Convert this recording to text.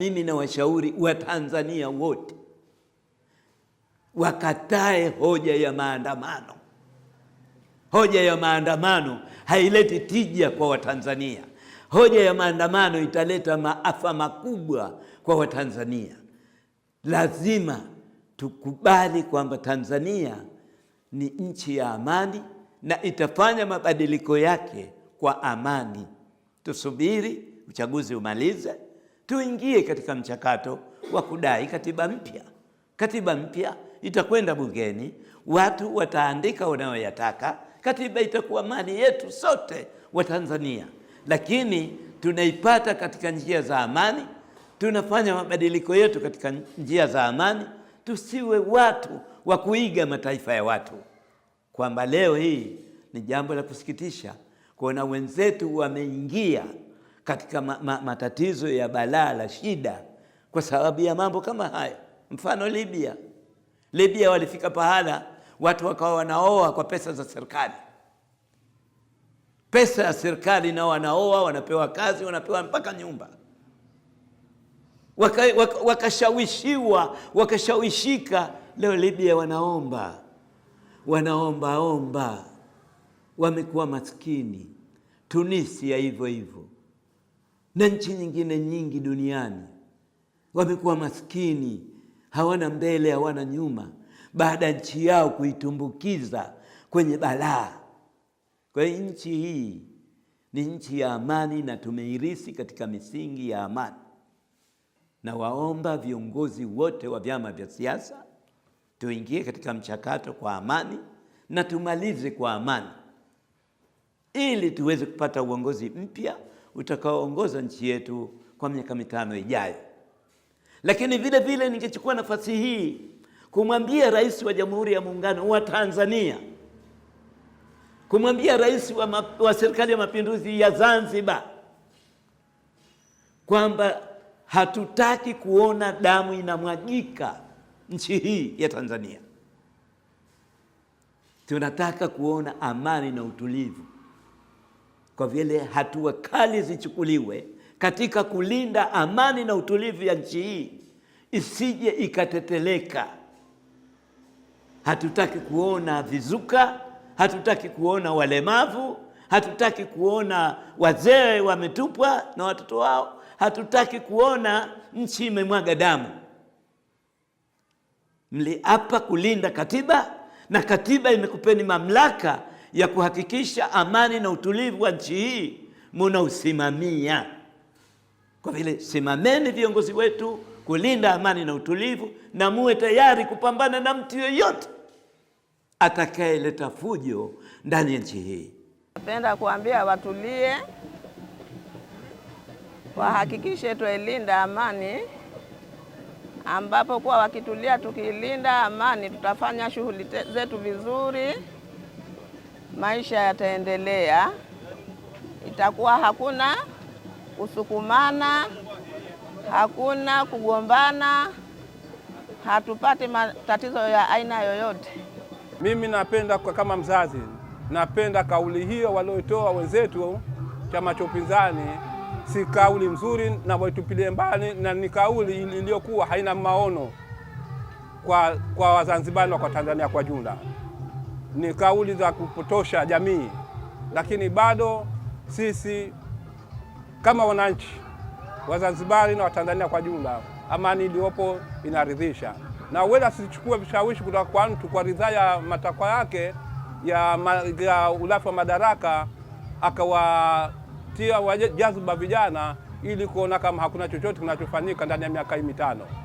Mimi na washauri Watanzania wote wakatae hoja ya maandamano. Hoja ya maandamano haileti tija kwa Watanzania. Hoja ya maandamano italeta maafa makubwa kwa Watanzania. Lazima tukubali kwamba Tanzania ni nchi ya amani na itafanya mabadiliko yake kwa amani. Tusubiri uchaguzi umalize tuingie katika mchakato wa kudai katiba mpya. Katiba mpya itakwenda bungeni, watu wataandika wanayoyataka. Katiba itakuwa mali yetu sote wa Tanzania, lakini tunaipata katika njia za amani, tunafanya mabadiliko yetu katika njia za amani. Tusiwe watu wa kuiga mataifa ya watu, kwamba leo hii ni jambo la kusikitisha kuona wenzetu wameingia katika ma, ma, matatizo ya balaa la shida kwa sababu ya mambo kama haya. Mfano Libya, Libya walifika pahala watu wakawa wanaoa kwa pesa za serikali, pesa ya serikali, nao wanaoa, wanapewa kazi, wanapewa mpaka nyumba waka, waka, wakashawishiwa wakashawishika. Leo Libya wanaomba wanaombaomba, wamekuwa maskini. Tunisia hivyo hivyo na nchi nyingine nyingi duniani wamekuwa maskini, hawana mbele, hawana nyuma, baada ya nchi yao kuitumbukiza kwenye balaa. Kwa hiyo nchi hii ni nchi ya amani na tumeirisi katika misingi ya amani. Na waomba viongozi wote wa vyama vya siasa tuingie katika mchakato kwa amani na tumalize kwa amani ili tuweze kupata uongozi mpya utakaoongoza nchi yetu kwa miaka mitano ijayo. Lakini vile vile ningechukua nafasi hii kumwambia Rais wa Jamhuri ya Muungano wa Tanzania, kumwambia Rais wa, wa Serikali ya Mapinduzi ya Zanzibar kwamba hatutaki kuona damu inamwagika nchi hii ya Tanzania. Tunataka kuona amani na utulivu kwa vile hatua kali zichukuliwe katika kulinda amani na utulivu ya nchi hii isije ikateteleka. Hatutaki kuona vizuka, hatutaki kuona walemavu, hatutaki kuona wazee wametupwa na watoto wao, hatutaki kuona nchi imemwaga damu. Mliapa kulinda katiba na katiba imekupeni mamlaka ya kuhakikisha amani na utulivu wa nchi hii munausimamia. Kwa vile simameni viongozi wetu kulinda amani na utulivu, na muwe tayari kupambana na mtu yoyote atakayeleta fujo ndani ya nchi hii. Napenda kuambia watulie, wahakikishe twailinda amani, ambapo kuwa wakitulia, tukilinda amani tutafanya shughuli zetu vizuri maisha yataendelea, itakuwa hakuna kusukumana, hakuna kugombana, hatupati matatizo ya aina yoyote. Mimi napenda kwa kama mzazi, napenda kauli hiyo walioitoa wenzetu chama cha upinzani, si kauli mzuri na waitupilie mbali, na ni kauli iliyokuwa haina maono kwa, kwa Wazanzibari na kwa Tanzania kwa jumla ni kauli za kupotosha jamii, lakini bado sisi kama wananchi Wazanzibari na Watanzania kwa jumla, amani iliyopo inaridhisha, na wala sichukue vishawishi kutoka kwa mtu kwa ridhaa ya matakwa yake ya, ma, ya ulafi wa madaraka akawatia wajazuba vijana ili kuona kama hakuna chochote kinachofanyika ndani ya miaka hii mitano.